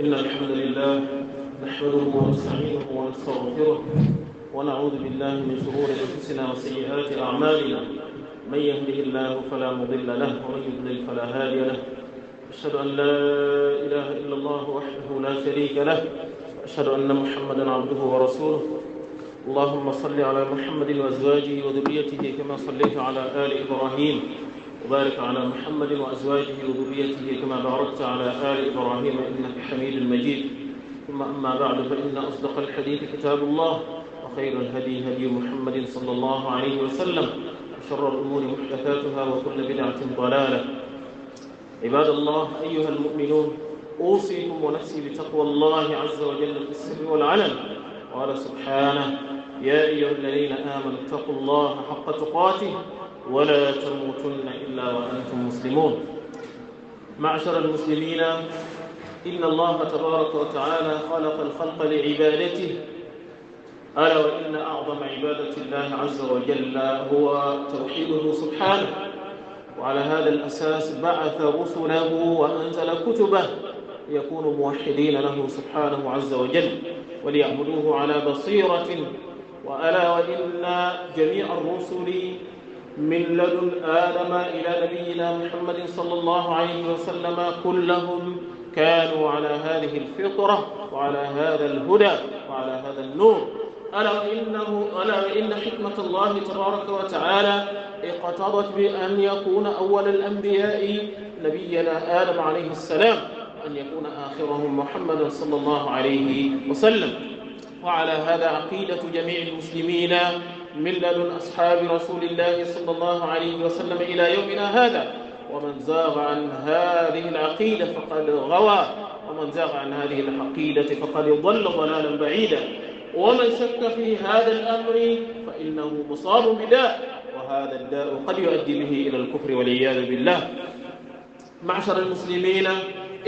إن الحمد لله نحمده ونستعينه ونستغفره ونعوذ بالله من شرور أنفسنا وسيئات أعمالنا من يهده الله فلا مضل له ومن يضلل فلا هادي له أشهد أن لا إله إلا الله وحده لا شريك له وأشهد أن محمدا عبده ورسوله اللهم صل على محمد وأزواجه وذريته كما صليت على آل إبراهيم وبارك على محمد وأزواجه وذريته كما باركت على آل إبراهيم إنك حميد مجيد ثم أما بعد فإن أصدق الحديث كتاب الله وخير الهدي هدي محمد صلى الله عليه وسلم وشر الأمور محدثاتها وكل بدعة ضلالة عباد الله أيها المؤمنون أوصيكم ونفسي بتقوى الله عز وجل في السر والعلن قال سبحانه يا أيها الذين آمنوا اتقوا الله حق تقاته ولا تموتن إلا وأنتم مسلمون معشر المسلمين إن الله تبارك وتعالى خلق الخلق لعبادته ألا وإن أعظم عبادة الله عز وجل هو توحيده سبحانه وعلى هذا الأساس بعث رسله وأنزل كتبه ليكونوا موحدين له سبحانه عز وجل وليعبدوه على بصيرة وألا وإن جميع الرسل من لدن آدم إلى نبينا محمد صلى الله عليه وسلم كلهم كانوا على هذه الفطرة وعلى هذا الهدى وعلى هذا النور ألا إنه ألا إن حكمة الله تبارك وتعالى اقتضت بأن يكون أول الأنبياء نبينا آدم عليه السلام أن يكون آخرهم محمد صلى الله عليه وسلم وعلى هذا عقيدة جميع المسلمين من لدن أصحاب رسول الله صلى الله عليه وسلم إلى يومنا هذا ومن زاغ عن هذه العقيدة فقد غوى ومن زاغ عن هذه العقيدة فقد ضل ضلالا بعيدا ومن شك في هذا الأمر فإنه مصاب بداء وهذا الداء قد يؤدي به إلى الكفر والعياذ بالله معشر المسلمين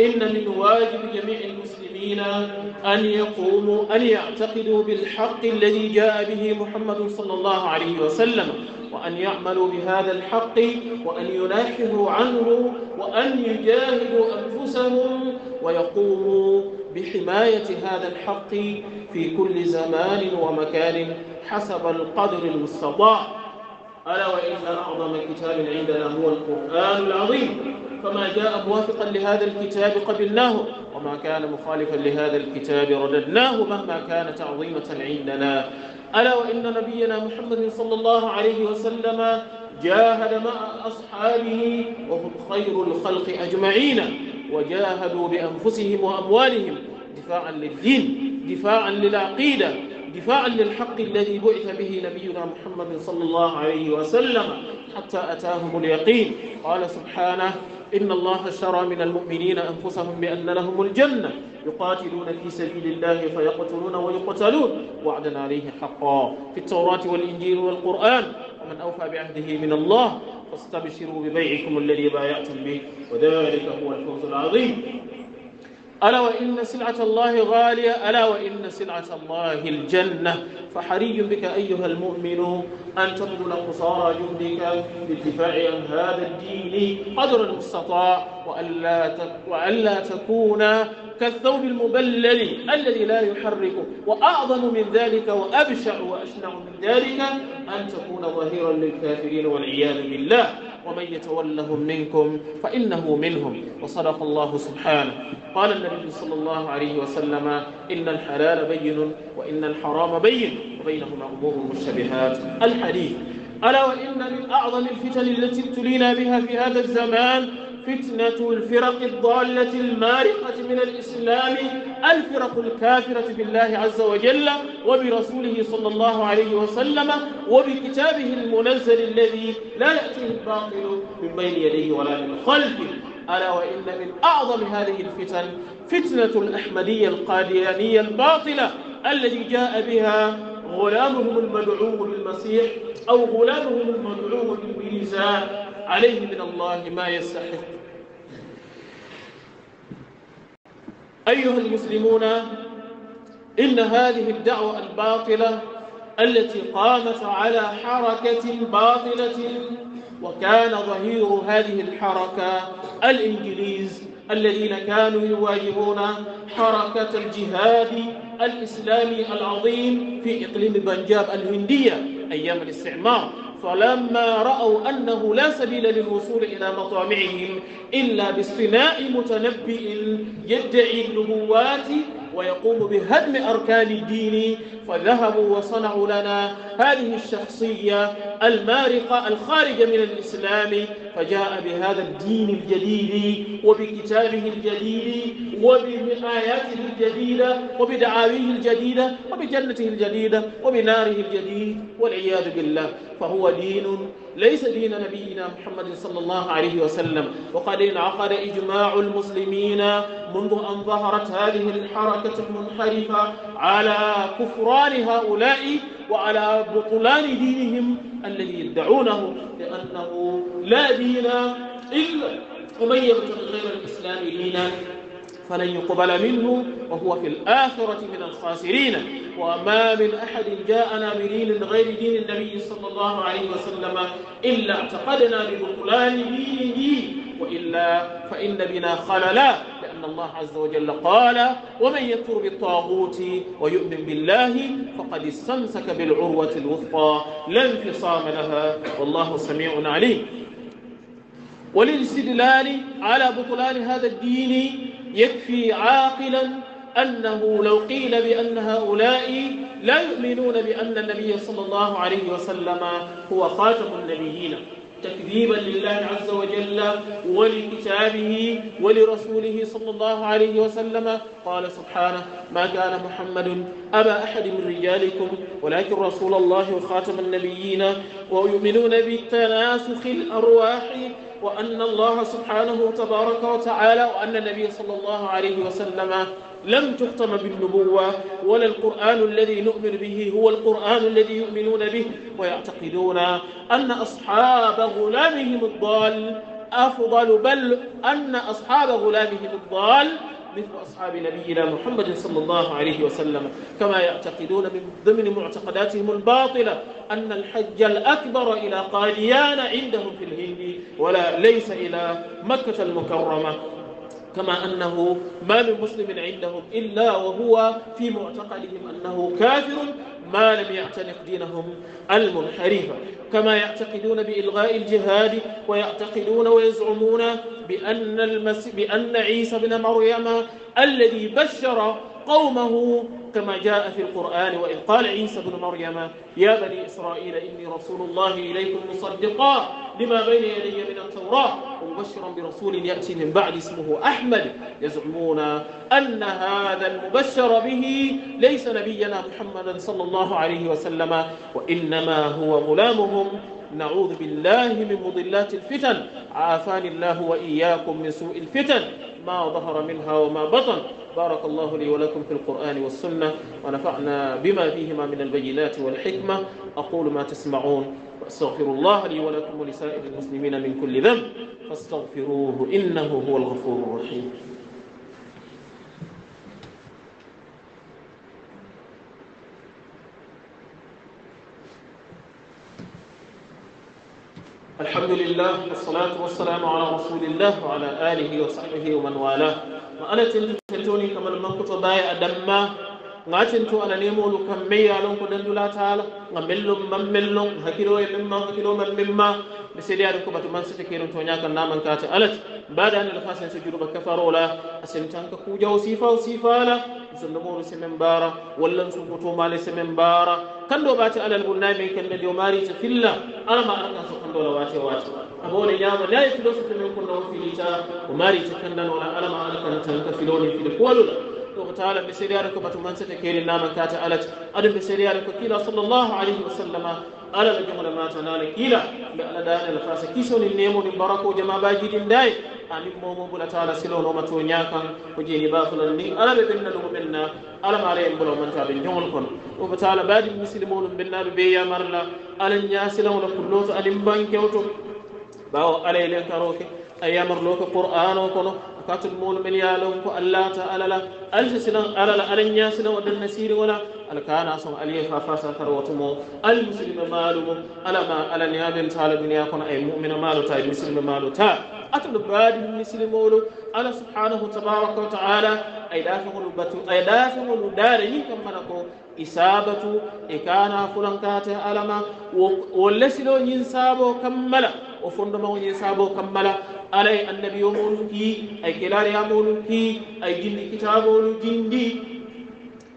إن من واجب جميع المسلمين أن يقوموا أن يعتقدوا بالحق الذي جاء به محمد صلى الله عليه وسلم وأن يعملوا بهذا الحق وأن يناحروا عنه وأن يجاهدوا أنفسهم ويقوموا بحماية هذا الحق في كل زمان ومكان حسب القدر المستطاع ألا وإن أعظم كتاب عندنا هو القرآن العظيم فما جاء موافقا لهذا الكتاب قبلناه وما كان مخالفا لهذا الكتاب رددناه مهما كان تعظيمة عندنا ألا وإن نبينا محمد صلى الله عليه وسلم جاهد مع أصحابه وهم خير الخلق أجمعين وجاهدوا بأنفسهم وأموالهم دفاعا للدين دفاعا للعقيدة دفاعا للحق الذي بعث به نبينا محمد صلى الله عليه وسلم حتى أتاهم اليقين قال سبحانه إن الله اشترى من المؤمنين أنفسهم بأن لهم الجنة يقاتلون في سبيل الله فيقتلون ويقتلون وعدا عليه حقا في التوراة والإنجيل والقرآن ومن أوفى بعهده من الله فاستبشروا ببيعكم الذي بايعتم به وذلك هو الفوز العظيم ألا وإن سلعة الله غالية ألا وإن سلعة الله الجنة فحري بك أيها المؤمن أن تبذل قصارى جهدك بالدفاع عن هذا الدين قدر المستطاع وألا وألا تكون كالثوب المبلل الذي لا يحرك وأعظم من ذلك وأبشع وأشنع من ذلك أن تكون ظهيرا للكافرين والعياذ بالله ومن يتولهم منكم فإنه منهم وصدق الله سبحانه قال النبي صلى الله عليه وسلم إن الحلال بين وإن الحرام بين وبينهما أمور مشتبهات الحديث ألا وإن من أعظم الفتن التي ابتلينا بها في هذا الزمان فتنة الفرق الضالة المارقة من الإسلام الفرق الكافرة بالله عز وجل وبرسوله صلى الله عليه وسلم وبكتابه المنزل الذي لا يأتيه الباطل من بين يديه ولا من خلفه ألا وإن من أعظم هذه الفتن فتنة الأحمدية القاديانية الباطلة التي جاء بها غلامهم المدعو للمسيح أو غلامهم المدعو للميزان عليه من الله ما يستحق أيها المسلمون إن هذه الدعوة الباطلة التي قامت على حركة باطلة وكان ظهير هذه الحركة الإنجليز الذين كانوا يواجهون حركة الجهاد الإسلامي العظيم في إقليم بنجاب الهندية أيام الاستعمار فلما رأوا أنه لا سبيل للوصول إلى مطامعهم إلا باصطناء متنبئ يدعي النبوات ويقوم بهدم أركان ديني فذهبوا وصنعوا لنا هذه الشخصية المارقة الخارجة من الإسلام فجاء بهذا الدين الجديد وبكتابه الجديد وبآياته الجديدة وبدعاويه الجديدة وبجنته الجديدة وبناره الجديد والعياذ بالله فهو دين ليس دين نبينا محمد صلى الله عليه وسلم وقد انعقد إجماع المسلمين منذ أن ظهرت هذه الحركة المنحرفة على كفران هؤلاء وعلى بطلان دينهم الذي يدعونه لأنه لا دين إلا ومن يبتغي غير الإسلام دينا فلن يقبل منه وهو في الآخرة من الخاسرين وما من أحد جاءنا بدين غير دين النبي صلى الله عليه وسلم إلا اعتقدنا ببطلان دينه وإلا فإن بنا خللا أن الله عز وجل قال ومن يكفر بالطاغوت ويؤمن بالله فقد استمسك بالعروة الوثقى لا انفصام لها والله سميع عليم وللاستدلال على بطلان هذا الدين يكفي عاقلا أنه لو قيل بأن هؤلاء لا يؤمنون بأن النبي صلى الله عليه وسلم هو خاتم النبيين تكذيبا لله عز وجل ولكتابه ولرسوله صلى الله عليه وسلم قال سبحانه ما كان محمد أبا أحد من رجالكم ولكن رسول الله وخاتم النبيين ويؤمنون بتناسخ الأرواح وأن الله سبحانه تبارك وتعالى وأن النبي صلى الله عليه وسلم لم تختم بالنبوة ولا القرآن الذي نؤمن به هو القرآن الذي يؤمنون به ويعتقدون أن أصحاب غلامهم الضال أفضل بل أن أصحاب غلامهم الضال مثل أصحاب نبينا محمد صلى الله عليه وسلم كما يعتقدون من ضمن معتقداتهم الباطلة أن الحج الأكبر إلى قاديان عندهم في الهند ولا ليس إلى مكة المكرمة كما أنه ما من مسلم عندهم إلا وهو في معتقدهم أنه كافر ما لم يعتنق دينهم المنحرفة كما يعتقدون بإلغاء الجهاد ويعتقدون ويزعمون بأن, بأن عيسى بن مريم الذي بشر قومه كما جاء في القرآن وإذ قال عيسى بن مريم يا بني إسرائيل إني رسول الله إليكم مصدقا لما بين يدي من التوراة ومبشرا برسول يأتي من بعد اسمه أحمد يزعمون أن هذا المبشر به ليس نبينا محمدا صلى الله عليه وسلم وإنما هو غلامهم نعوذ بالله من مضلات الفتن عافاني الله وإياكم من سوء الفتن ما ظهر منها وما بطن بارك الله لي ولكم في القرآن والسنة ونفعنا بما فيهما من البينات والحكمة أقول ما تسمعون وأستغفر الله لي ولكم ولسائر المسلمين من كل ذنب فاستغفروه إنه هو الغفور الرحيم الحمد لله والصلاة والسلام على رسول الله وعلى آله وصحبه ومن والاه ما أنا تلتوني كمان ما كنت بايع دمه ngacin to ana nemolu kam meyyalon ko dandula taala ga mellon man mellon hakkilo e mimma hakkilo man mimma mi seeɗiyade ko batu man sete keron to ñakan naman kate alat mbaɗa ane lafa sen so juruba kafarola asen tan ka kujaw sifaw sifala sondomoru semen mbara wallan sunkotomale semen mbara kanɗo ɓate alal gunnamin kende ndio marita filla alama araka so kandola wate wate abone ñama nayi filosofe men konnoon filita o marita kandan wala alama alakana tan ka filoni fili kuwaluɗa وتعالى بسيرة ركوب تمان ستكير النام كات ألت أدم بسيرة ركوب كيلا صلى الله عليه وسلم ألا بجمل ما تنال كيلا بألا دان الفاس كيسون النيم والبركة وجمع باجي دنداي أمي مومو بلا تعالى سلون وما تونيا كان وجيني باطل النيم ألا ببنا لو بنا ألا ما عليهم بلا من تاب يوم القن وبتعالى بعد المسلمون بنا ببيا مرلا ألا نياسلون كلوت ألم بانك أوتو باو عليه لنكروك أيام الله القرآن وكنه katul moolu men ye lon ko allata ala la alsi silan ala la ala ñasilan o danna siiri wala ala kana son aliye fa fasa tara wotumo al musilme maalumo ala ma ala niyamen taala duniya kono ay mumina maalo ta musilme maalo ta atol baadi misilimolu ala subhanahu tabaraka wa taala ay ɗafegolu batu ay ɗafegolu daare yin kam mana ko isabatu e kana fulankate alama wo lesiloñin saabo kammala o fondoma oñin saabo kammala alay annabi o moolu ki ay kilaari a moolu ki ay jindi kitaboolu jindi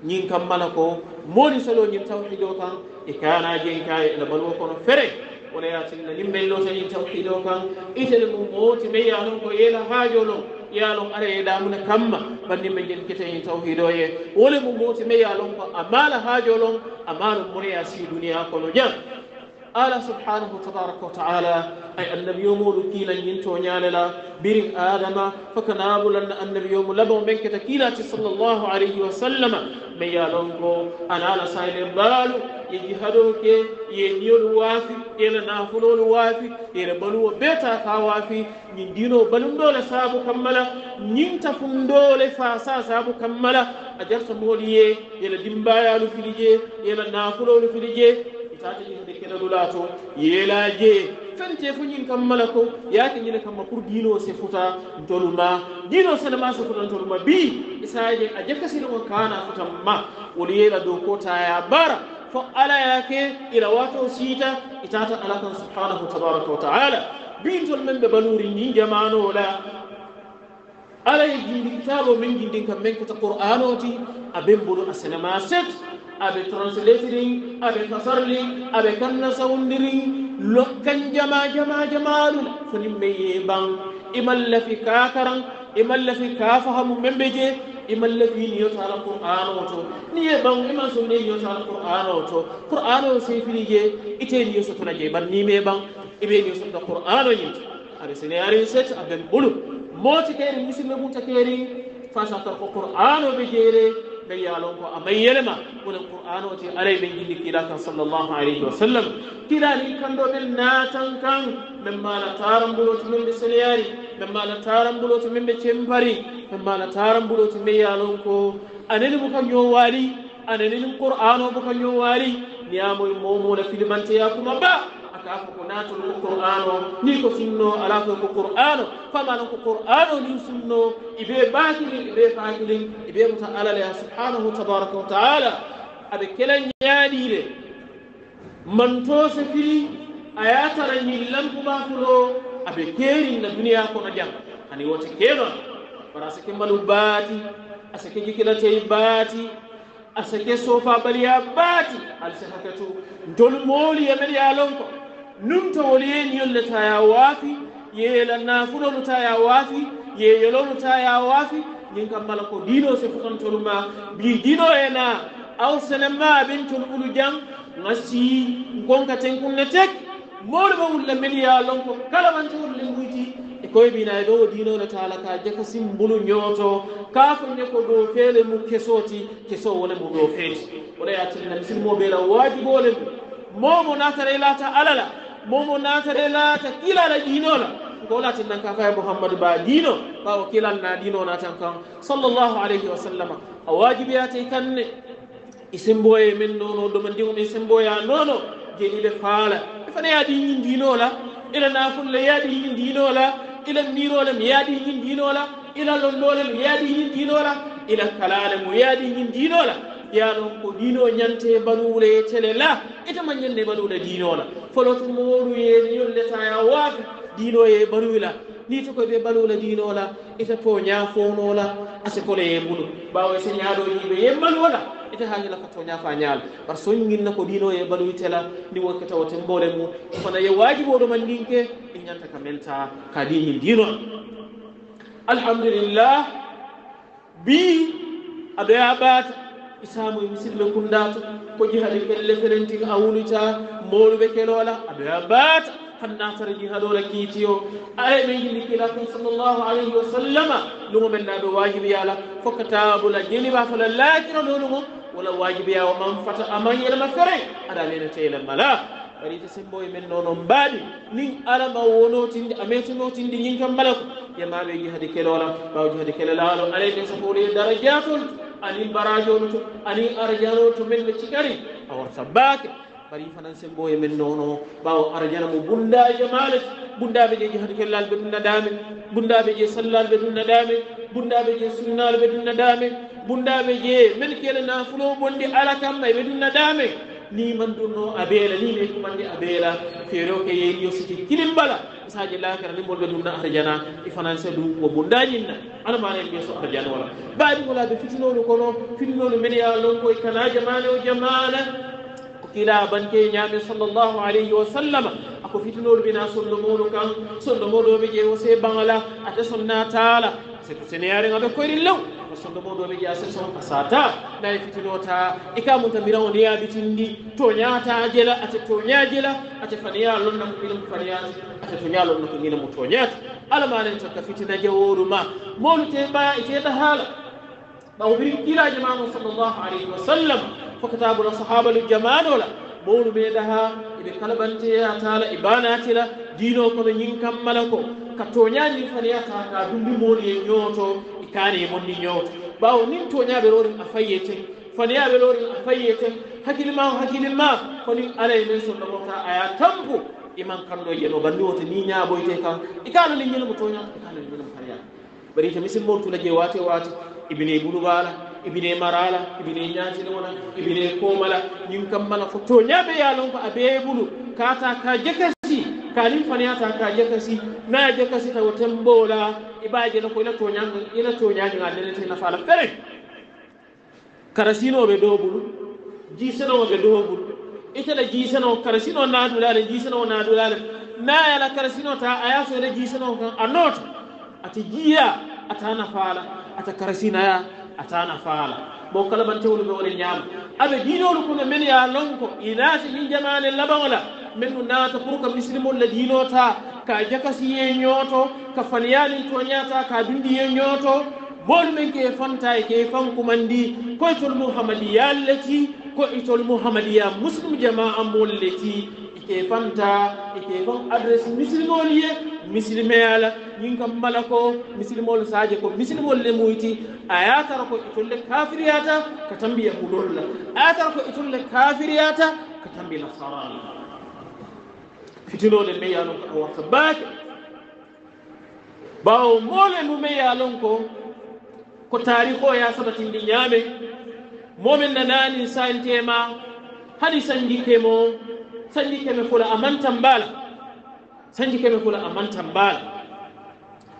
ñin kam mala ko mooni solo ñin tawhido kan e kanajen kay ene balwo kono fere wona yatinna nin mbel loota ñin tawhido kan itene mu mooti ɓe ya noon ko yeela haajo noon ya lon ara e damuna kamma bandin men jen kita hen tawhido ye wole mu mooti ɓe ya lon ko a maala haajo lon a maalo moreya si duniya kono jan ala subhanahu tabaraka wa taala ay annabiyomoɗo kiilanñin to ñaalela birin adama foko naabulanna annabiyomo labon ɓen keta kiilati sallllahu alayhi wa sallama ma yalongo anala sayle baalu e jihadol ke ye niyolu waafi ela nafololu waafi ela baluwo beeta ka waafi ñin ndino balumɗole saabu kammala ñin tafumɗole fasa saabu kammala a jarta moolu ye ela dimbayalu fili je ela nafololu fili je itata ñihde keɗalulato yeela jee fente fo ñin kam mala ko yaake ñine kamma pour diino se fota toluma diino senema se fota toluma bi isaaje a jakkasino o kana fota ma wono yeyla dow ko taya bara fo ala yaake ila wato siita itata ala kan subhanahu tabaraka wa taala bintol men ɓe banuri ni jamanola alaye jindi kitabo min jindin kam men kota qur'an oti aɓe mbolo a senema set aɓe translatering aɓe kasarli aɓe kanna sawdiring lokkan jama jama jamalu fonin me yeban imalla fi kakaran imalla fi kafahamu membe je imalla fi niyo tala qur'an oto niye ban iman so ne niyo tala qur'an oto qur'an o se fili je ite niyo so tala je bar ni me ban ibe niyo so tala qur'an o yinto ari sene ari set aben bulu moti kayri musilme bunta kayri fasa tala qur'an o be jere ɗan yalon ko amay yelema wonen qur'an oti aray alai jindi kiila kan sallallahu alaihi wa sallam kan kanɗo ɓen naatan kan ɓen mala tarambuloto min ɓe seleyari ɓen mala tarambuloto min ɓe cempari ɓen mala tarambuloto min yalon ko anani buka ñowaali anani nin qur'an o buka ñowaali niyamoye momona filimanteya kuma ba kaafo ko naatol ko qur'an o ni ko sunno ala koy ko qur'an o famalan ko qur'an o nin sunno ibe bakilin ibe fakilin ibe muta alala ya subhanahu tabaraka wa taala aɓe kela ñaaɗiile manto so firi a yatara ñillankumafulo aɓe keerin na duniya kono jam hani wote keenon bara a sike mbalu baati a sake jikilatey baati a sike sofa baliya baati ali sahakatu ntol mooli e men ya ko numtowol yee ñolle ta ya waafi yeyela naafunolu ta ya waafi yeyolonu ta ya waafi ñin kam mala ko diino se fotantolu ma mbi diino ena awsenema aɓen tol ɓulu jang ngasi gonka ten kunne tek mawɗo ma wulla meli ya lon ko kala wantowolu nde guyti e koye mbina e ɗoo diinono taala ka jaka simbulu ñooto kaafonne ko ɗo feele mum kesooti kesowole mum ɗo feeti oɗo yattinna misilmo ɓeela waajugoole mum momo natarey laata alala momo natade laata kilala ɗinola ko laati nan ka faye mouhammadou ba ɗino ɓawa kilal na ɗino natan kan sallllahu alayhi wa sallama a wajibi yate kanne i e semboye men nono domandigo men e semboya nono jeniɓe faala fana yaɗiñin ɗinola ila nafulle yaɗiñin ɗinola ila mirole mi yaɗiñin ɗinola ila londolem yaɗiñin ɗinola ila kalale mo yaɗiñin ɗinola ya ɗon ko ɗino ñante banuwle yettele la ita mañelne banuwle dinola folotu mowru yeniyon leta ya waafe dinoye banuwla ni to koye ɓe banuwla dinola ita po ñafonola ase kole ye mbuɗo bawa se ñaaɗo yimɓe ye banuwla ita haala ko to ñaafa ñaal par so ñinna ko ɗino ye banuwitela ndi wonke tawa tembole mum kono ye waajiboɗo man ndinke e ñanta ka melta ka ɗinin dino alhamdulillah bi adoya ɓaata isamu misille kundatu ko jihadi kelle fenenti awuluta molu be kelola abe abata hanna tara jihadola kiitiyo ay ɓe yinni kilakum sallllahu alayhi wa sallama lumo men naɓe wajibi yala fokka tabula jeliba fala laakiro ɗo ɗumo wala wajibi yawa man fata aman yelma fere aɗa mena teelen mala warita semboye men noonon mbaɗi nin alama wonotinde ametonotinde ñin kam mbala ko yemaɓe jihadi kelola mbaw jihadi kelelaalo alayke sahoole darajatol ani barajoolu tu ani arjanoo tu min be gari awar sabbaake bari fanan sen boye min nono bawo arjana mo bundaje malet bundaɓe je jihatu kellal ɓe ɗum nadame bundaɓe je sallal ɓe ɗum nadame bundaɓe je sunnal ɓe ɗum nadame bundaɓe je min kele nafulo bonde ala kamma ɓe ɗum nadame ni man dun no abela ni me ko mande abela fero ke yeen yo siti kilim bala saaji la kar ni bolga dum na arjana i fanance du wo bundajin na ana ma ne so arjana wala baabi wala de fitino no kono fitino no media lon koy kanaaje maale o jamaala kila banke ñaami sallllahu alayhi wa sallama ako fitinolu bina sonno moolu kan sonno moɗoɓe ƴe wo se baŋala ate sonna taala sirtu seneyareŋa ɓe koyrin lew ko sonno moɗoɓe ƴe ase son a sata nayi fitinota i ka munta mirawo nde yabitindi toñata jela ate toña jela ate faneya lonna ko ɓilam faneyati ate toña lonna ko ñina mo toñati alamanen tokka fitina jaworu ma molu te ɓaya iteɗa haala ɓawo ɓirin kilaji mamo sallllahu alayhi wa sallam fo kitaabula sahabalu jamaano la mawlu ɓe daha eɓe kalaɓanteyatala e banatila diino kono ñin mala ko ka toñañin faneyata ka dumbi mooni e ñooto e kaane e mondi ñooto ɓawo nin toñaɓe rorin a fayyeten faneyaɓe rorin a fayyeten hakkillema o ma konin alay men sonno mofta aya tampo iman kanɗo yeno banndi woto ni ñaaboyte kan e kanani ñinamo toñata e kanani ñinamo faneyata bari to misin mortula je waate waate ibine bulu baala ibine marala ibine ñatinowona ibine komala ñin kam mala fof to ñaɓe yalon ko a beyebulu kata ka jakasi kalin fanayata ka jakasi naya jakasi tawa temɓola ibajena ko ina toña ina toñañoa lenete nafala fere karasinoɓe dobulu jisenoɓe dobulu itele jiseno karasino naadulale jisenoo naadulale nayala karasino ta a yasoyde jisenoo kan a noota ata jiya ata nafala ata karasinaya a tana faala bon kalabantewolu ɓe oɗen ñaama aɓe diinolu kono min ya lonko inaasi min jamani labawola min ɗu naata pour que misilimolla diinota ka jakasi ye ñooto ka faniyamin to ñaata ka bindi ye ñooto boolu men ke fanta e ke fankumandi koye tol mouhamadi yallati ko itol muhammadiya muslim jama'a mol leti ite fanta ite fam adresse muslimol ye muslimeyala ñin kam mala ko muslimol saje ko muslimol le muyti a yatara ko itolle kafiriyata ka tambi yahudol la a yatara ko itolle kafiriyata ka tambi nasarani fitinole me yalon ko a warta baake bawo mole mu me yalon ko ko tariho ya sabatindi ñaame momin na nani sa'in tema hadi sanji kemo sanji keme kula amantan bala sanji keme kula amantan bala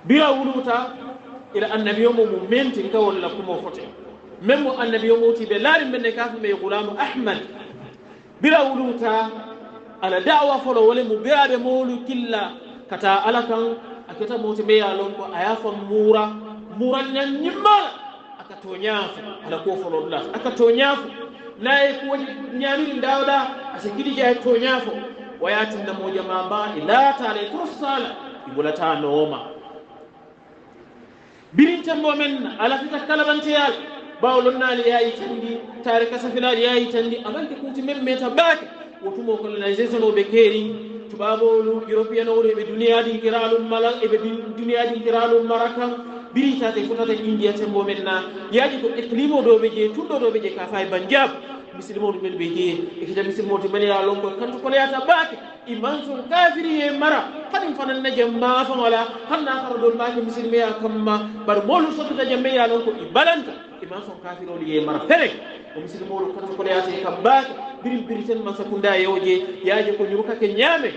bira wuluta ila annabiyomo mu menti ka walla kumo fote même mo annabiyomo ti be laari menne kafu me gulamu ahmad bira wuluta ala dawa folo wole mu biraɓe molu killa kata ala kan aketa moti meya lon ko aya fon mura muranñan ñimmala aka to ñaafo ala ko folol las aka to ñaafo naye ko woni ñaamiri ndawɗa asa giɗi jeeha to ñaafo wayatinna mojama mba e laatale trossala i wolata nooma birintembo men ala fita kalabanteyal bawlonnali yaayi tandi tare kasafinaali yaayi tandi amalde kuuti men meta mbaake wotumo colonisation oɓe keeri tubabo european oɗo eɓe duniyaji kiralum malal eɓe duniyaji kiralum marakan biritade fotata india te mbomen na yaaji ko éclimo e ɗoɓe jeeye tunɗo ɗoɓe jeeye ka fay bandiab misilima ɗu men ɓe jeeye e kita misilima to manira lonko kanto kono yata ɓaake imansun e kafiri ye mara haɗum fananne jam maafa wala hanna kara ɗon maake misilimaya kamma bar molu sottata jam meya lonko i e balanta imansun kafiri oɗo ye mara feleg o misilima oɗo kanto kono yata kam ɓaake birim biriten ma sakunda yewo jeeye yaaji ko ñumkake ñaame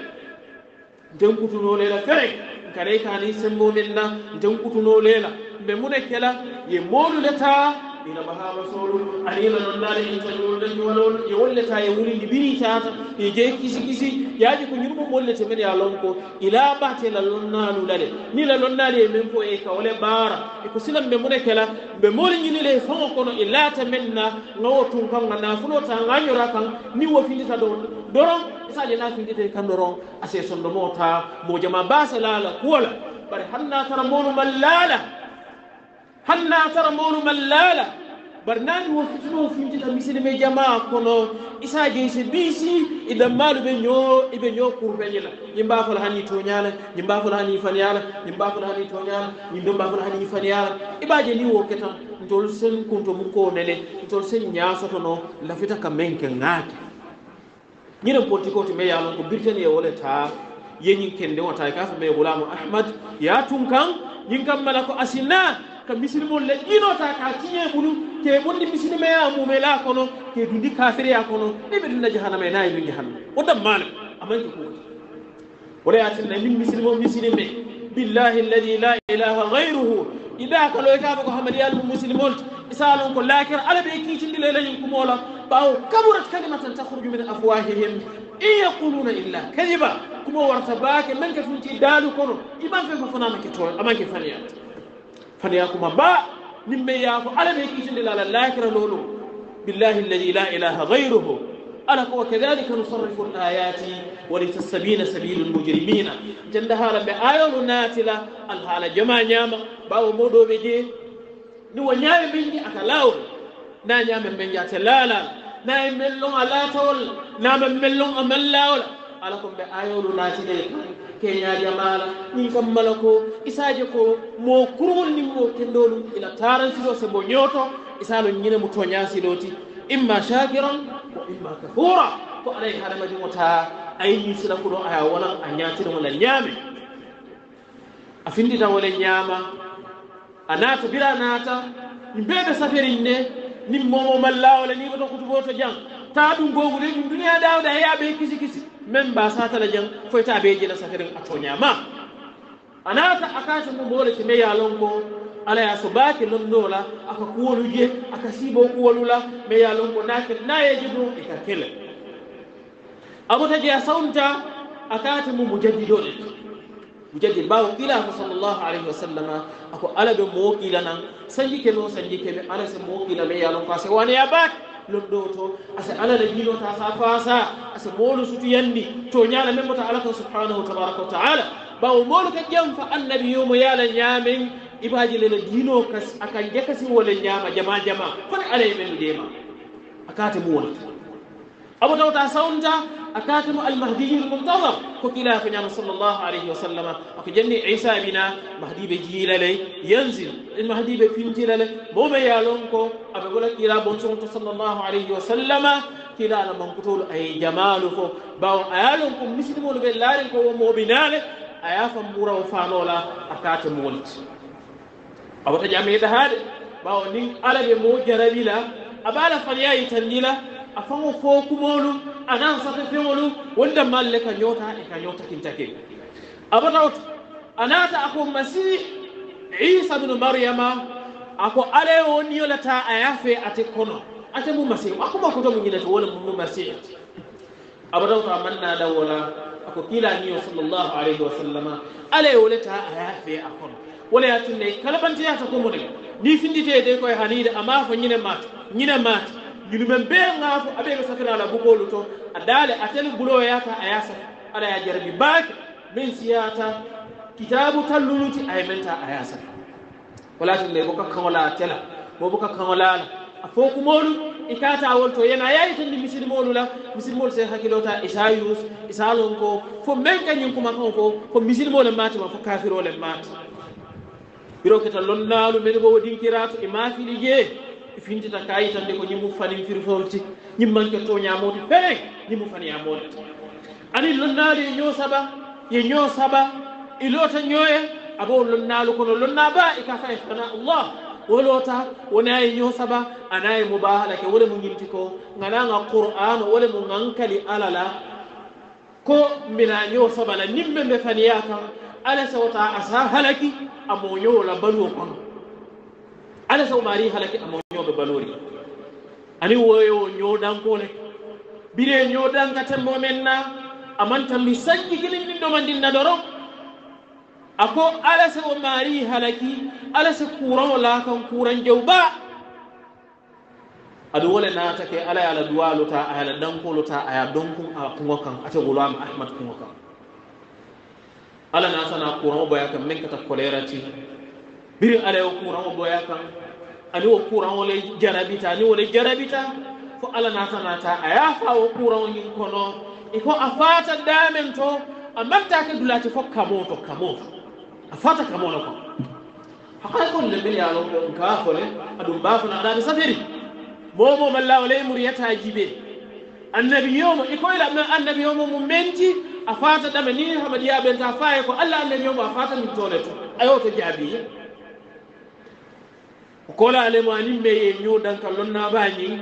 jankutuno leela fere gara kani sembo min na jankutuno leela ɓe mune kela ye moolulata ina bahaba soolu anina non naare in tañuuldeki walol ye wolleta ye wulindi bini tata ye jeey kisi kisi yaaji ko ñurmum wollete men ya lonko ila ɓatela lonnaalu lale ni la lonnaali e men fo e kawole baara e ko silam ɓe mune kela ɓe moori ñinile e fano kono e laata men na gawo tun kan ga naafuno ta gañora kan ni wofindita dow doron isa le lafi de kan doron ase sondo mota mo jama base lala kuwala bare hanna tara monu mallala hanna tara monu mallala bar nani wo fitino fintita misilime jama kono isa jeysi bisi ida malu ɓe ño iɓe ño kurpeñela ñim mbafola hani toñala ñim mbafola hani faniyala ñim mbafola hani toñala ñim do mbafola hani faniyala iɓaje ni wo ketan ntol sen kunto mum ko nene ntol sen ñasotono lafita ka men ke ŋaake ñinen politique o to meyano ko birten e wole ta yeñin ken nde wata ka to me gulamu ahmad yatum kan ñin kam mala ko asinna ka misilimol le ƴinota ka tiñe ɓulu te ɓonɗi misilima ya mume la kono te dundi kafiri ya kono ɗe ɓe dunna jahanama e nayi ɗu jahanama o dam mane amañke kowoti wole yatinna min misilimo misilim ɓe billahi alladi la ilaha gayruhu ida kaloy kaɓe ko hamadi yalu musilimol isalon ko lakira ala ɓe kiitindi le lañin kumola باو كبرت كلمة تخرج من أفواههم إن يقولون إلا كذبا كما ورتباك من كفن دالو كنو إما فين فنا من كتوان أما كفنيا فنيا كما با نمي يافو على بيكيش لا لا كرا لولو بالله الذي لا إله غيره أنا كذلك نصرف الآيات ولتستبين سبيل المجرمين جندها رب آيون ناتلة الهالة جمع نياما باو مودو بيجي نو بجي نعم بيجي أكلاو nañaamen men njaate laalaal na e men lon a laatawol naame men lon a man laawol ala ko mbe ayolu laati ɗe keñaaja maala ɗum kam mala ko isaaji ko mo kurgol nimmo kenndoolum ila taransiɗo so mbo ñooto isaalo ñine mo toñaasi ɗo ti imma chakiran o imma kafura ko alay hara madi mo taa ayiñi sila ko ɗo aya wonan a ñaatino wona ñaame a finndi tan wona ñaama a naata bira naata mbeɓe safirin nde nin momo mallawole ni ɓoto kutubo boto jang ta ɗum de dum duniya dawde ya be kisi kisi min mba satala jang be jina sa sakarin a toñama anata akati mum wole ti meya lonko ya so baake londola aka wolu je aka siibo kuwolula meya lonko na ye ɗo e ka kele abota je a sawnta akati mum mo jaddidoɗe wujadi bawo kilahu sallllahu alayhi wa sallama ako ala ɓe mokila nan sanji keme o sanji keme ala se mokila ɓe yalon ko ase waneya baake lon ɗo to ase ala la ñinota sa faasa ase moolu sutuyandi to ñaala memboto ala ko subhanahu tabaraka wa taala bawo moolu ka ƴam fa annabi yomo yaala ñaamen ibaji lela diino kas akan jakasi wole ñaama jama jama fone ala e men ndema akate mu abo tawta sawnta أتاتم المهدي المنتظر كتلا كنيان صلى الله عليه وسلم أكجني عيسى بنا مهدي بجيل لي ينزل المهدي بفينتل لي بوبا يالونكو أبقول كلا بنسون صلى الله عليه وسلم كلا لمن قتول أي جمالكو باو أيالونكو مسلمون باللارنكو وموبنالي أيافا مورا وفانولا أتاتم ولد أو تجامعي هذا باو نين ألبي مو جربي لا أبالا فليا يتندي a faŋo fo kumoolu anaŋ safe feŋolu wolu damaalu le ka ñoota e ka ñoota kinta ke abata woto a naata a masih isa binu maryama a ko ala ye wo niyo a ye a ate kono ate mu masihi a kuma koto mu to wo mu masihi abata woto a maŋ naa dawo la a sallallahu alayhi wa sallama ala ye wo wala ye a tinne kalabantiyata ko mu ni finditee de koye haniide a fo ñine maata ñine maata yinumen be ŋaafo aɓeyo sakirala bugolu to a daale atel guloyata aya sa aɗa ya jarmi baake min siyata kitabu talluluti aye menta aya sa walatinne boka kaŋola tela mo boka kaŋolala a fookumolu i kata wol to yena yayitandi misiri molu la misiri molu sei hakkilota isayus isalon ko fo men kañin kuma kan ko fo misiri mole matima fo kafirole mati biro keta lonnalu men bo wodinkirato e mafili jee fintita kayitan de ko ñimmu fanin firfolti ñimman ke toñamode hey ñimmu faniyamode ani lonnaali e ñoo saba ye ñoo saba ilota ñoye abo lonnaalu kono lonna ba e ka fa e fana allah wolota wona e ñoo saba ana e mubahalake wole mo ñinti ko gananga qur'an wole mo gankali alala ko mbina ñoo sabala nimɓe mbe faniya kan ala sawta asa halaki amo ñowola baluwo kono ala so mari halaki nyo be balori ani woyo nyodan kole bire dan kata momen na amanta sanki kilin din do mandin na doro ako ala so mari halaki ala sa kuran wala kan kuran jawba adu wala na take ala ala duwaluta ala ta aya donkun a kungo kan ata gulam ahmad kungo kan ala na sana kuran baya kan men kata kolera ti biri ala yo kuran baya kan ani wo kuranwo le jarabita ani wo le jarabita fo ala nata nata a ye fa wo kuranwo ñin kono i ko a fata damen to a mattake dulati fo kamo to kamo to a fata kamo le kon hakkay kon le mbele yalo ɗon ka fole aɗum bafono aɗaɓe safiri momo mallawo le muriyata jibe annabi yomo e koyla men annabi yomo mo menti a fata ɗama ni hamadiyaɓen ta faye ko allah annabi yomo a fata min tole to ayo to jaabiye kola alemani me ye ñoo dankallon nabañin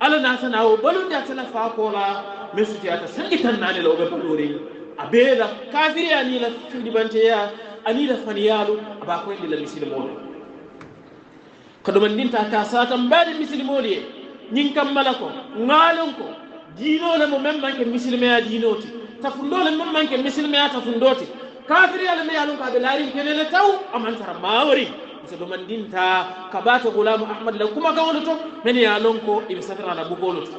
ala na sana o balunde da tana fa kola min sutiyata sangi tan na ne lo be a abe da kafiri ani la ya ani la faniyalu aba koyndi la misilimoolu ko ta ka ba mbaɗe misilimoolu ye ñin kammala ko ngalon ko diinole mo men manke misilimeya diinoti tafundole mo manke misilimeya ti kafiri ala me yalon ko aɓe laarin kenele taw amantara wari. muso mandinta kabato gulamu ahmad la kuma kawolu to men ya lon ko ibe satara la bugolu to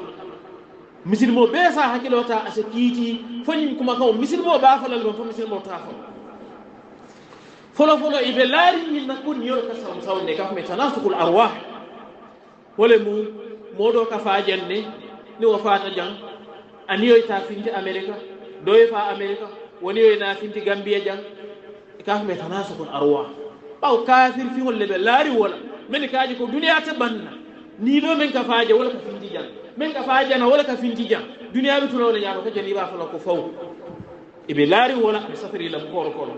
misilimo be sa hakkilota asa kiiti foñim kuma kaw misilimo bafalal ma fo misilimo ta fo folo folo iɓe laari ñinna kun yoro ka sam sawnde ka fome tanasukul arwah wole mum moɗo ka fajande ni wo fata jang aniyoyta finti américa doye fa américa woniyoyna finti gambia jang ka fome tanasukul arwah أو كافر في ولا بلاري ولا من كاجي كو دنيا تبنى نيلو من كفاجة ولا كفنتي جان من كفاجة أنا ولا كفنتي جان دنيا بتقول ولا جانو كجني بافلا كفاو إبلاري ولا بسافر إلى بكور كور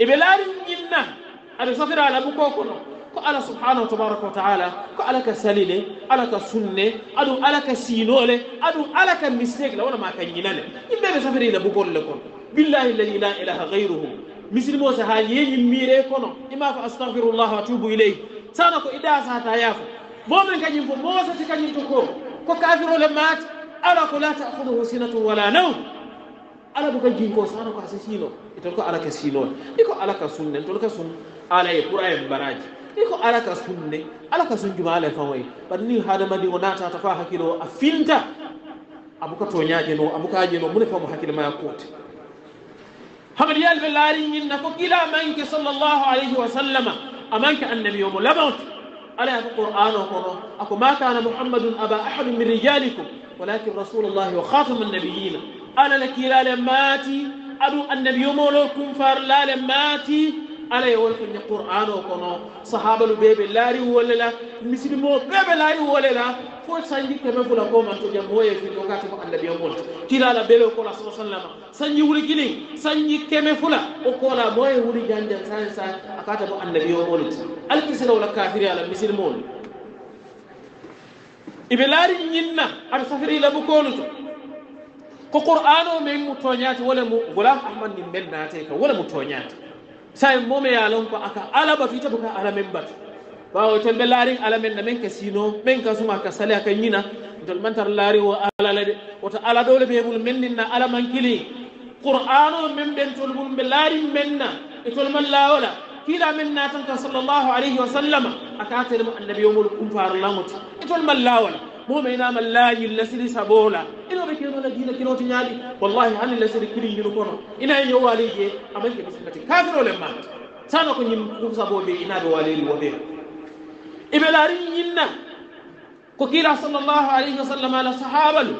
إبلاري نيلنا أنا سافر على بكور كور كو على سبحانه تبارك وتعالى كو على كسلين على كسنة أدو على كسينولة أدو على كمسيك لا ولا ما كان ينال إبلاري سافر إلى بكور لكور بالله الذي لا إله غيره misilimo so ha yeñimmire kono ima fa astahfirullah wa tubu ileyh sana ko idasa hata yaafo momin kañum fo mosati kañum to ko ko kafirole maati ala ko la tahuduhu sinatun wala nawm ala buka jinko sana ko asa siino itol ko ala ka siinoon ɗi ko ala ka sunne tol ka sun ala e pour a baraji ɗi ko ala ka sunne ala ka sun juma ala e fawoye bat ni hadamadi o natata fa hakkilo a finta abuka toñaje no abukaje no mune famo hakkille maya koote هم ليال بلاري من نفوك إلى منك صلى الله عليه وسلم أمنك النبي يوم لموت ألا يقول قرآن وقرآن أكو ما كان محمد أبا أحد من رجالكم ولكن رسول الله وخاتم النبيين ألا لك لا لماتي أدو النبي يوم لكم فار لا لماتي ألا يقول قرآن وقرآن صحابة البيب اللاري ولا لا المسلمون بيب اللاري ولا لا ko sanji keme fula ko man to jambo ye fito ka to annabi amon kila la bele ko la sallallahu alaihi wasallam sanji wuri kilin sanji keme fula o ko la moye wuri jande san san akata bo annabi amon alkisra wala kafiri ala muslimon ibe laari ñinna aɓe safiri labu kolu to ko qur'an o min mu toñaate wala mu gulam ahmad ni mbel naate ka wala mu toñaate sa en moome yalon ko aka ala batu itabu ka ala men batu bawo tembe laari ala men na men ka sino men ka suma ka sale ka nyina ntol man tar laari wa ala la de wata ala dole be bul men ninna ala man kili qur'ano men ben tol bul be laari men na itol man la wala kila men na tan ka sallallahu alaihi wa sallam akatel mu annabi yawmul kumfar lamut itol man la wala mu'mina man la yillasiri sabola ino be kino la dina kino tinyali wallahi hal lasiri kili ngino kono ina yo wali je amanke bismati kafiro le ma sano ko nyim kum sabobe ina be wali wo be iɓe laariŋ ñinna ko kiila sallllahu alayhi wa sallam ala sahabalu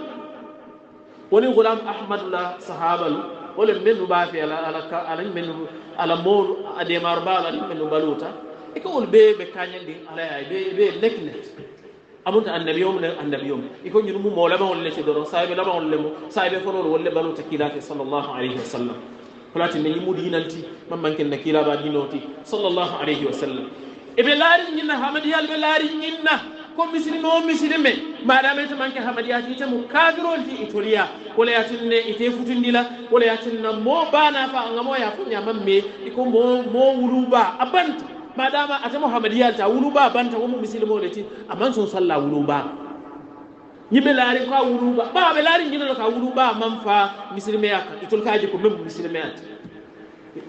woni gulam ahmadu la sahabalu wole mennu baafi ala ala mennu ala mownu ademar baalo ala mennu baluuta e ko wol ɓe ɓe kañen ɗin alaya ɓe ɓe neknet amunta annabiyom le annabiyom iko ñun mu mo laɓawol le ci doron sayiɓe laɓawol le mo sayiɓe fonol wolle baluuta kiilake sallllahu alayhi wa sallam holatinne yimmude yinanti mammanken na kiilaba ɗinoti sallllahu alayhi wa sallam eɓe laari ñinna hamadi yal ɓe laari ñinna ko misiri no misiri me maɗama ita manque hamadi yaati itamo kaagirolti itoliya wola yatinne ite futindila wola yatinna mo bana fa angamo ya fo ñaman me iko mo mo wuluba a banta maɗama atamo hamadi yalta wuluba banta womo misiri mo leti aman son salla wuluba ñimɓe laari ka wuluba ɓawa ɓe laari ñinano ka wuluba man fa misiri me aka itol kaji ko même misiri me ata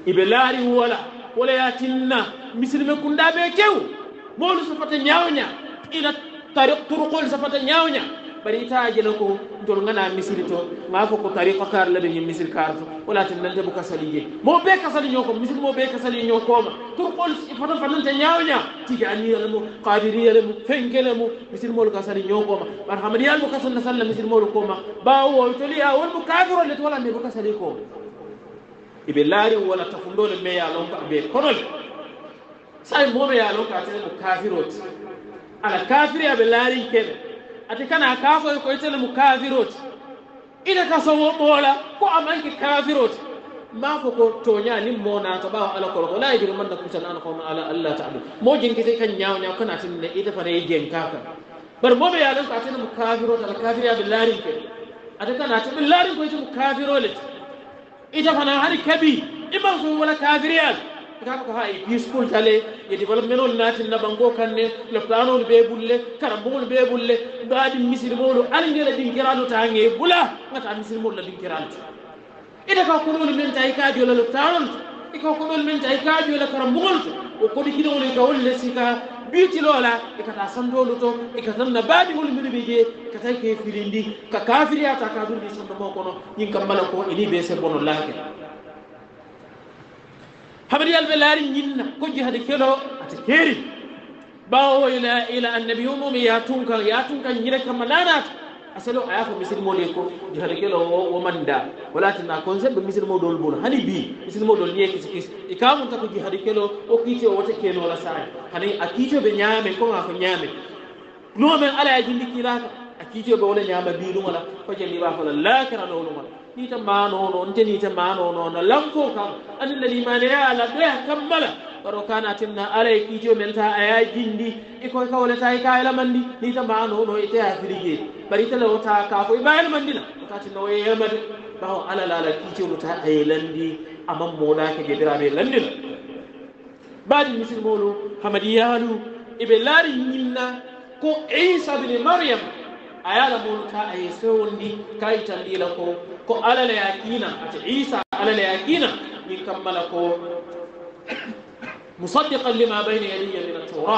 iɓe laari wola wala yatinna misilme kundaɓe kew molu safata ñawña ila turuqol safata ñawña bari ita jela ko ntol ngana misiri to ma fo ko tariqa kar labe ñim misir kar to wala tin nande bu kasali je mo be kasali ñoko ko misir mo be kasali ñoo ko ma turuqol fata fanante ñawña tigi ani yala mo qadiri yala mo fengele mo misir mo kasali ñoko ko ma barhamdi yalla mo kasal na salla misir mo ko ma ba wo to li a wal mo kafiro le to wala ne bu kasali ko ibe laari wala tafundole me ya lon ko abe konole sai me ya lon ko ate mo kafiroti ala kafiri abe laari kebe ati kana kafo ko itele mu kafiroti ina ka somo bola ko amanki kafiroti ma ko ko toña ni mona to bawo ala kolo ko la yiru man kusan ala an ala allah ta'budu mo jinki te kan nyaaw nyaaw kana tin ne ita fa ne jen kaka bar mo me ya lon ko ate mo kafiroti ala kafiri abe laari kebe ate kana ate laari ko ite mo kafiroti ita fana har kabi iman sun wala kafiriyat ka ko ha bi school tale ye development on natin na bango kanne le plan on be bulle karambo on be bulle baadi misir molo angela din kiralo tange bula ngata misir molo din kiralo ita ka ko non men tay ka jola le plan iko ko ɗon men jay ka joola kara mbugol to o kodi koɗi kiɗowol ka wolle sika biitilola e kata sandolu to e ka tan na baaɗigol mbiɗo ɓe jee ka tawi ke firi ndi ka kafiriyata ka durdi sondo mo kono ñin kam mbala ko ini be sebbono laake habariyal ɓe laari ñinna kojji hade kelo ata keeri ɓawo ila ila annabi yo mum ya tunkan ya tunkan ñire kamma lanata asalo aya ko misilimo le ko jihata kelo wo manda walatina concept ɓe misilimo dol bono hani bi misilimo dol niye kisi kisi e ko jihata kelo o kiite o keno kenola saare hani a kiitoɓe ñaame koma ko ñaame no men ala e jindi kiilata a kiitoɓe wona ñaama biilumola ko jalliɓa fola lakaranoolumala nita manono nte nita manono no lanko kam ani lali manere ala be kammala baro kana tinna ala ijo menta aya jindi iko ka wala tay ka ala mandi nita manono ite afirige bari tala wata ka ko ibayal mandina kati no yemade bawo ala la la ijo muta ay landi amam moda ke gedira be landina badi misil molo hamadiyalu ibe lari nyinna ko isa bin maryam ayala mulka ay sewndi kayitan ɗila ko ko alala yakina ati isa alala yakina min kammala ko musaddiqan lima bayna yadiya min at-tawra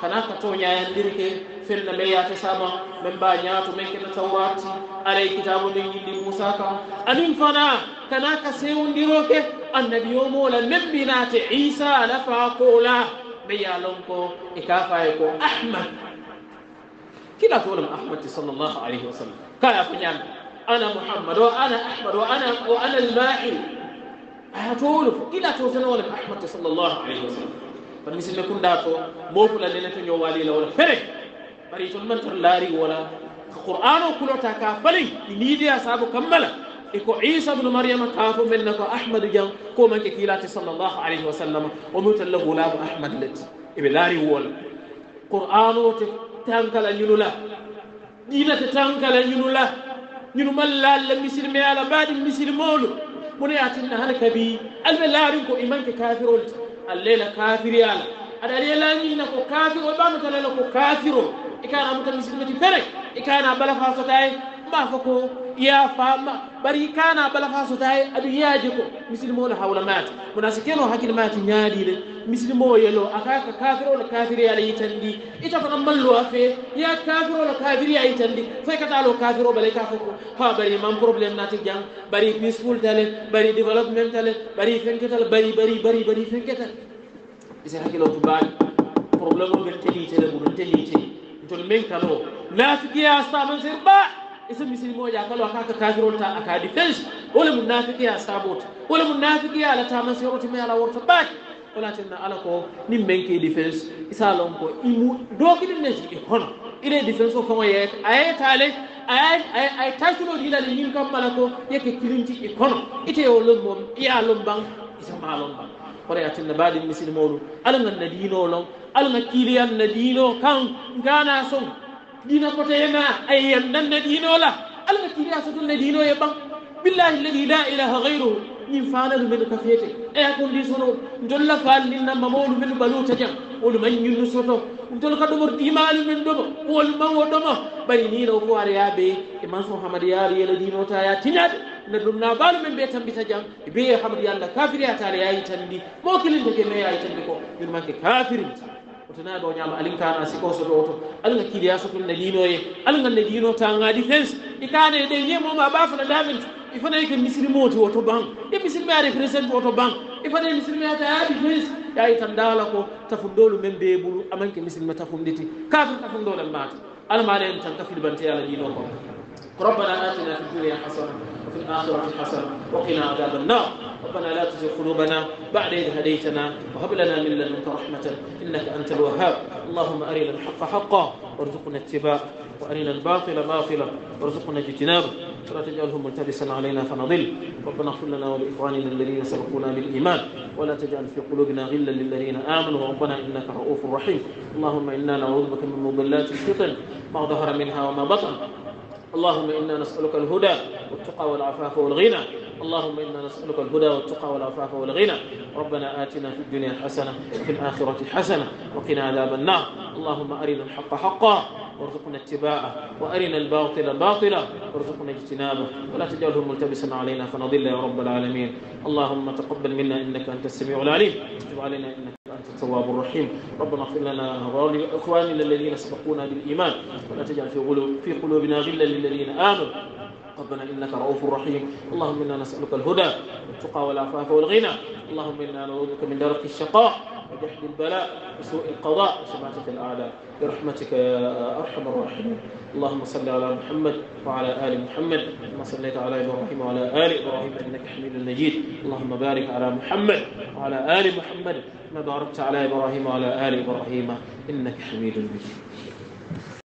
kana ka to yandirke firna ya ta sama ba nya to men keɓe tawrati alay kitabu nden yiddi musa ka anin fana kana ka sewdiroke annabi o mola men ati isa ala faakola ɓe ya lon ko e ahmad كلا تولم أحمد صلى الله عليه وسلم كايا فنيان أنا محمد وأنا أحمد وأنا وأنا الماحي أتولف كلا توزن ولم أحمد صلى الله عليه وسلم فالمسلم يكون داتو موفلا لنا تنيوالي لولا فرق بريتو المنتر لاري ولا القرآن كله تكافلي نيدي أصابه كملا إكو عيسى بن مريم كافو منك أحمد جان ahmadou dian komanke kiilate sallllahu alayhi wa sallam o mutan la gulaabo ahmad leti tankala ñunula ɗinata tankala ñunula ñunu mallaallah misiri me ala mbaɗi misiri mawlu mono yatinna hana kabi alla laarin ko imanke kafirol ta allahla kafiri ala aɗa ari e laañina ko kafir o e ɓanotalala ko kafiro e kana amuta misiri meti fere e kana bala fa sotae ma koko yafama ɓari kana ɓalafa so ta aɗu yaaji ko musilme ole hawla maate mona si keno hakkille maati ñaaɗi de musilme o yelo a kaka kafirole kafiri ala yitan ɗi ita ko ɗam mallu a fe ya kafirole kafiri a yitan ɗi fay kataalo kafiro ɓale ka foko ha ɓari man probléme naati jang ɓari misful tale ɓari développement tale ɓari fenketal ɓari ɓari ɓari ɓari fenketal isa hakkille o tubaani probléme o ngel teli tele ɓuɗon teli teli ton min kano naafigiya saman sen ɓa isa misilimo ya kalo kaka kafiro ta aka defense wala munafiki ya sabota wala munafiki ya ala taman sai roti mai ala warta back wala tinna ala ko ni menke defense isa lon ko imu dokin ne shi e hono ile defense ko fama yet ayetale ay ay ay tasulo dila ni nim kam malako yake kilinti e Hono, ite yo lon mom e iya lon bang isa ma lon bang wala yatinna badi misilimo lu ala ngan na dino lon ala ngan kiliyan na dino kan ngana song. dina koteyena ayiyan nan ne ɗinola allah tiri a sotol ne ɗino ye ɓan billahi lladi la ilaha gayruhu ñin fanalu men ka feete e akundi sono jolla falinna mamolu men ɓaluta jang wolu man ñinnu soto jol ka ɗomor ɗimalu men ɗomo wolu man wo ɗomo ɓari nino fo araya ɓe e man so hamad yaru yela ɗinota ya tiñade na ɗumna balu men ɓe tambita jang e ɓe hamad yallah kafiri a taara yayi tandi mo kilinteke me yayi tandi ko yonmanke kafirinta otana ɗo ñama alin kana siko soɗo oto allah kiliya sotol na ɗinoye algal ne ɗino tagaɗi fens i kane ɗe ñemoma ɓafana damin i fana ke misilimoti oto ban e misilme a represente oto ban i fana e misilme ata yaaɗi fens yayi tan dala ko tafundolu men mbe ɓuru amanke misilme tafunditi kafin tafundolen mata almane en tan kafilbante ala ɗino ko ربنا آتنا في الدنيا حسنة وفي الآخرة حسنة وقنا عذاب النار ربنا لا تزغ قلوبنا بعد إذ هديتنا وهب لنا من لدنك رحمة إنك أنت الوهاب اللهم أرنا الحق حقا وارزقنا اتباعه وأرنا الباطل باطلا وارزقنا اجتنابه ولا تجعله ملتبسا علينا فنضل ربنا اغفر لنا ولإخواننا الذين سبقونا بالإيمان ولا تجعل في قلوبنا غلا للذين آمنوا ربنا إنك رؤوف رحيم اللهم إنا نعوذ بك من مضلات الفتن ما ظهر منها وما بطن اللهم إنا نسألك الهدى والتقى والعفاف والغنى اللهم إنا نسألك الهدى والتقى والعفاف والغنى ربنا آتنا في الدنيا حسنة وفي الآخرة حسنة وقنا عذاب النار اللهم أرنا الحق حقا وارزقنا اتباعه وارنا الباطل باطلا وارزقنا اجتنابه ولا تجعله ملتبسا علينا فنضل يا رب العالمين اللهم تقبل منا انك انت السميع العليم وتب علينا انك أنت التواب الرحيم ربنا اغفر لنا إخواننا الذين سبقونا بالإيمان ولا تجعل في قلوبنا غلا للذين آمنوا ربنا إنك رؤوف رحيم اللهم إنا نسألك الهدى والتقى والعفاف والغنى اللهم إنا نعوذ بك من دار الشقاء وجحد البلاء وسوء القضاء وشماتة الأعداء برحمتك يا أرحم الراحمين اللهم صل على محمد وعلى آل محمد كما صليت على إبراهيم وعلى آل إبراهيم إنك حميد مجيد اللهم بارك على محمد وعلى آل محمد كما باركت على إبراهيم وعلى آل إبراهيم إنك حميد مجيد